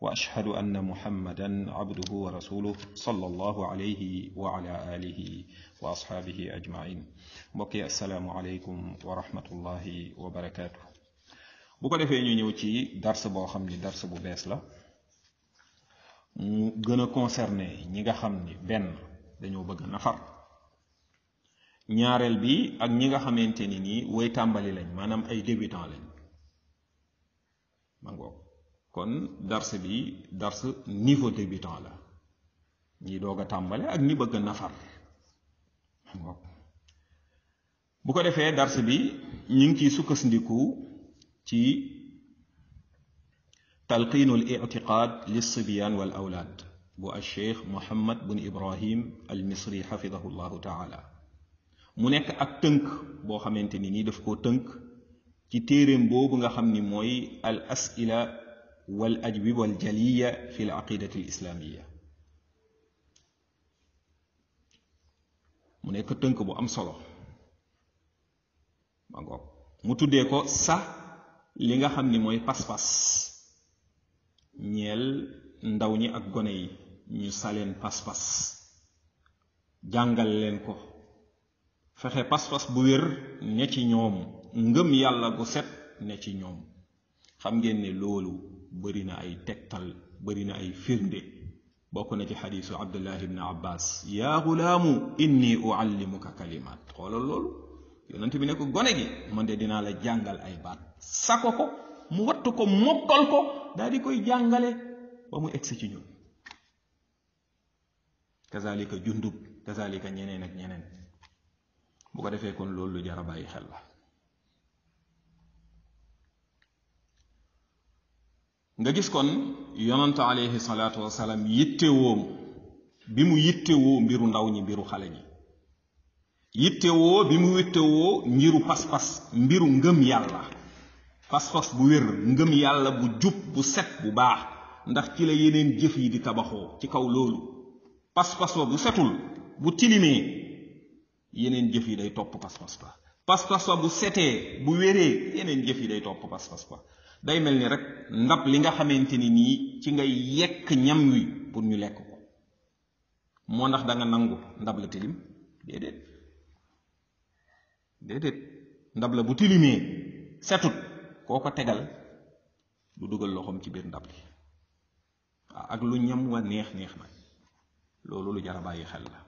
وأشهد أن محمدا عبده ورسوله صلى الله عليه وعلى آله وأصحابه أجمعين بقي السلام عليكم ورحمة الله وبركاته بقدر في إني وشي درس بوخمني درس ببسلا gëna concerné ñi nga xam ni benn dañoo bëgg nafar ñaareel bi ak ñi nga xamante ni nii way tàmbali lañ maanaam ay kon dars bi dars niveau débutant la ñi doog a tàmbale ak ñi bëgg nafar bu ko defee dars bi ñi ngi ciy sukkandiku ci تلقين الاعتقاد للصبيان والأولاد بو الشيخ محمد بن إبراهيم المصري حفظه الله تعالى mu nekk ak tënk boo xamante ni nii daf koo tënk ci téeréem boobu nga xam ni mooy al asila wal ajwiba al jaliya fi al aqidati al islamiya mu nekk tënk bu am solo ma mu tuddee ko sa li nga xam ni mooy pas-pas ñeel ndaw ñi ak gone yi ñu saleen pas-pas jàngal leen ko fexe pas-pas bu wér ne ci ñoom ngëm yàlla gu set ne ci ñoom xam ngeen loolu bëri na ay tegtal bëri na ay firnde bokk na ci xadisu abdullah ibni abbas ya gulaamu inni uallimuka kalimat xoolal loolu yonent bi ne ko gone gi man de dinaa la jàngal ay baat sako ko mu wattu ko mokkal ko daa di koy jàngale ba mu egsi ci ñun kazalika jundub kazalika ñeneen ak ñeneen bu ko defee kon loolu lu jara bàyyi xel la nga gis kon yonantu alayhi salaatu wasalaam yittewoo bi mu yittewoo mbiru ndaw ñi mbiru xale ñi yittewoo bi mu yittewoo mbiru pas-pas mbiru ngëm yàlla pas-pas bu wér ngëm yàlla bu jub bu set bu baax ndax ci la yeneen jëf yi di tabaxoo ci kaw loolu pas-pas bu setul bu tilimee yeneen jëf yi day topp pas-pas ba pas-pas ba bu setee bu wéree yeneen jëf yi day topp pas-pas ba day mel ni rek ndab li nga xamante ni nii ci ngay yekk ñam wi pour ñu lekk ko moo ndax da nangu ndab la tilim déedéet déedéet ndab la bu tilimee setut koo ko tegal du dugal loxoom ci biir ndab li waaw ak lu ñam wa neex neex nag loolu lu jar a bàyyi xel la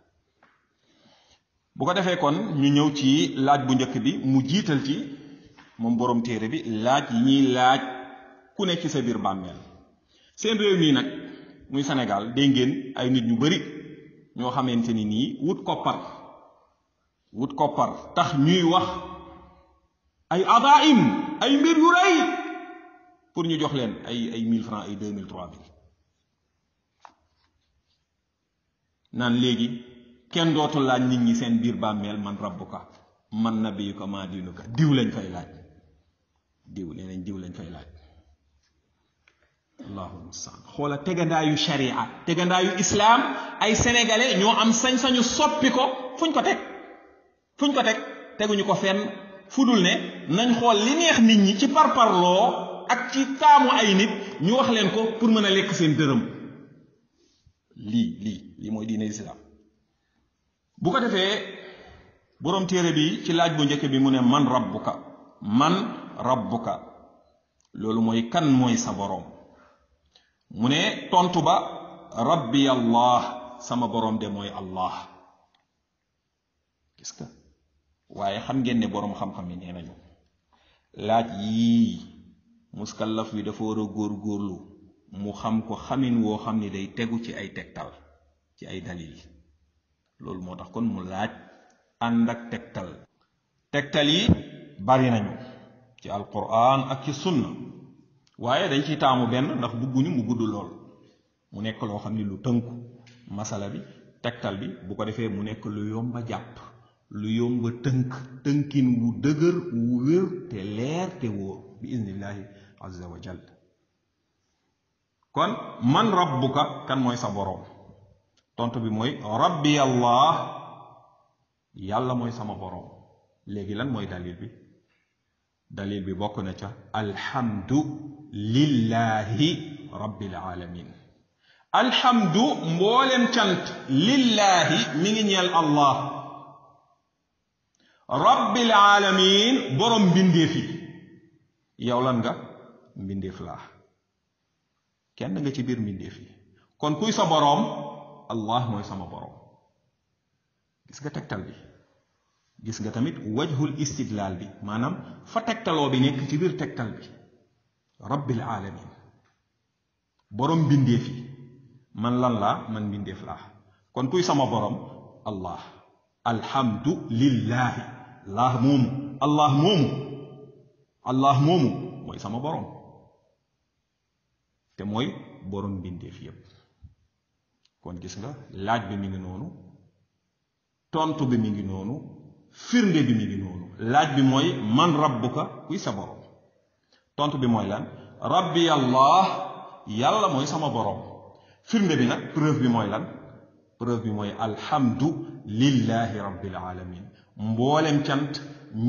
bu ko defee kon ñu ñëw ci laaj bu njëkk bi mu jiital ci moom boroom téere bi laaj yi ñuy laaj ku nekk ci sa biir bàmmeel seen réew mii nag muy Sénégal dégg ngeen ay nit ñu bari ñoo xamante ni nii wut koppar wut koppar tax ñuy wax ay adaim ay mbir yu rëy pour ñu jox leen ay ay mille francs ay deux mille trois mille naan léegi kenn dootu laaj nit ñi seen biir bàmmeel man rabbuka man nabiyuka maa diinuka diw lañ fay laaj diw nee nañ diw lañ fay laaj allahul mustaan xoola tegandaayu sharia tegandaayu islaam ay sénégalais ñoo am sañ-sañu soppi ko fuñ ko teg fuñ ko teg teguñu ko fenn fu dul ne nañ xool li neex nit ñi ci parparloo ak ci taamu ay nit ñu wax leen ko pour mën a lekk seen dërëm lii lii lii mooy diine islaam bu ko defee boroom téere bi ci laaj bu njëkk bi mu ne man rabbuka man rabbuka loolu mooy kan mooy sa boroom mu ne tontu ba rabbi allah sama boroom de mooy allah gis nga waaye xam ngeen ne boroom xam-xam yi nee nañu laaj yii muskallaf wi dafa war a góor góorlu mu xam ko xamin woo xam ni day tegu ci ay tegtal ci ay dalil loolu moo tax kon mu laaj ànd ak tegtal tegtal yi bari nañu ci alquran ak ci sunna waaye dañ ci taamu benn ndax bugguñu mu gudd lool mu nekk loo xam ni lu tënku masala bi tegtal bi bu ko defee mu nekk lu yomba jàpp lu yomba tënk tënkin wu dëgër wu wér te leer te wóor bi idnillahi azza wa jal kon man rabbuka kan mooy sa boroom tontu bi mooy rabbi allah yàlla mooy sama boroom léegi lan mooy dalil bi dalil bi bokk na ca alhamdu lillahi rabbil alamin alhamdu mboolem cant lillahi mi ngi ñeel allah rabbil alamin borom mbindeef yi yow lan nga mbindeef laa kenn nga ci biir mbindeef yi kon kuy sa boroom allah mooy sama boroom gis nga tegtal bi gis nga tamit wajhul istidlaal bi maanaam fa tegtaloo bi nekk ci biir tegtal bi rabbil alamin borom mbindeef yi man lan laa man mbindeef laa kon kuy sama borom allah alhamdu lillahi allah moomu allah moomu allah moomu mooy sama borom te mooy borom mbindeef yépp kon gis nga laaj bi mi ngi noonu tontu bi mi ngi noonu firnde bi mi ngi noonu laaj bi mooy man rabbuka kuy sa borom tontu bi mooy lan rabbi allah yàlla mooy sama borom firnde bi nag preuve bi mooy lan preuve bi mooy alhamdu lillahi rabbil alamin mboolem cant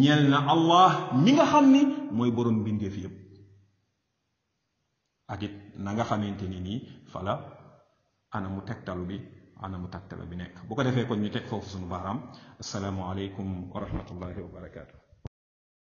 ñel na allah mi nga xam ni mooy borom mbindeef yépp ak it na nga xamante ni nii ana mu tegtalu bi على متكتب بناء بوكا دافي كون نيتك فوف السلام عليكم ورحمه الله وبركاته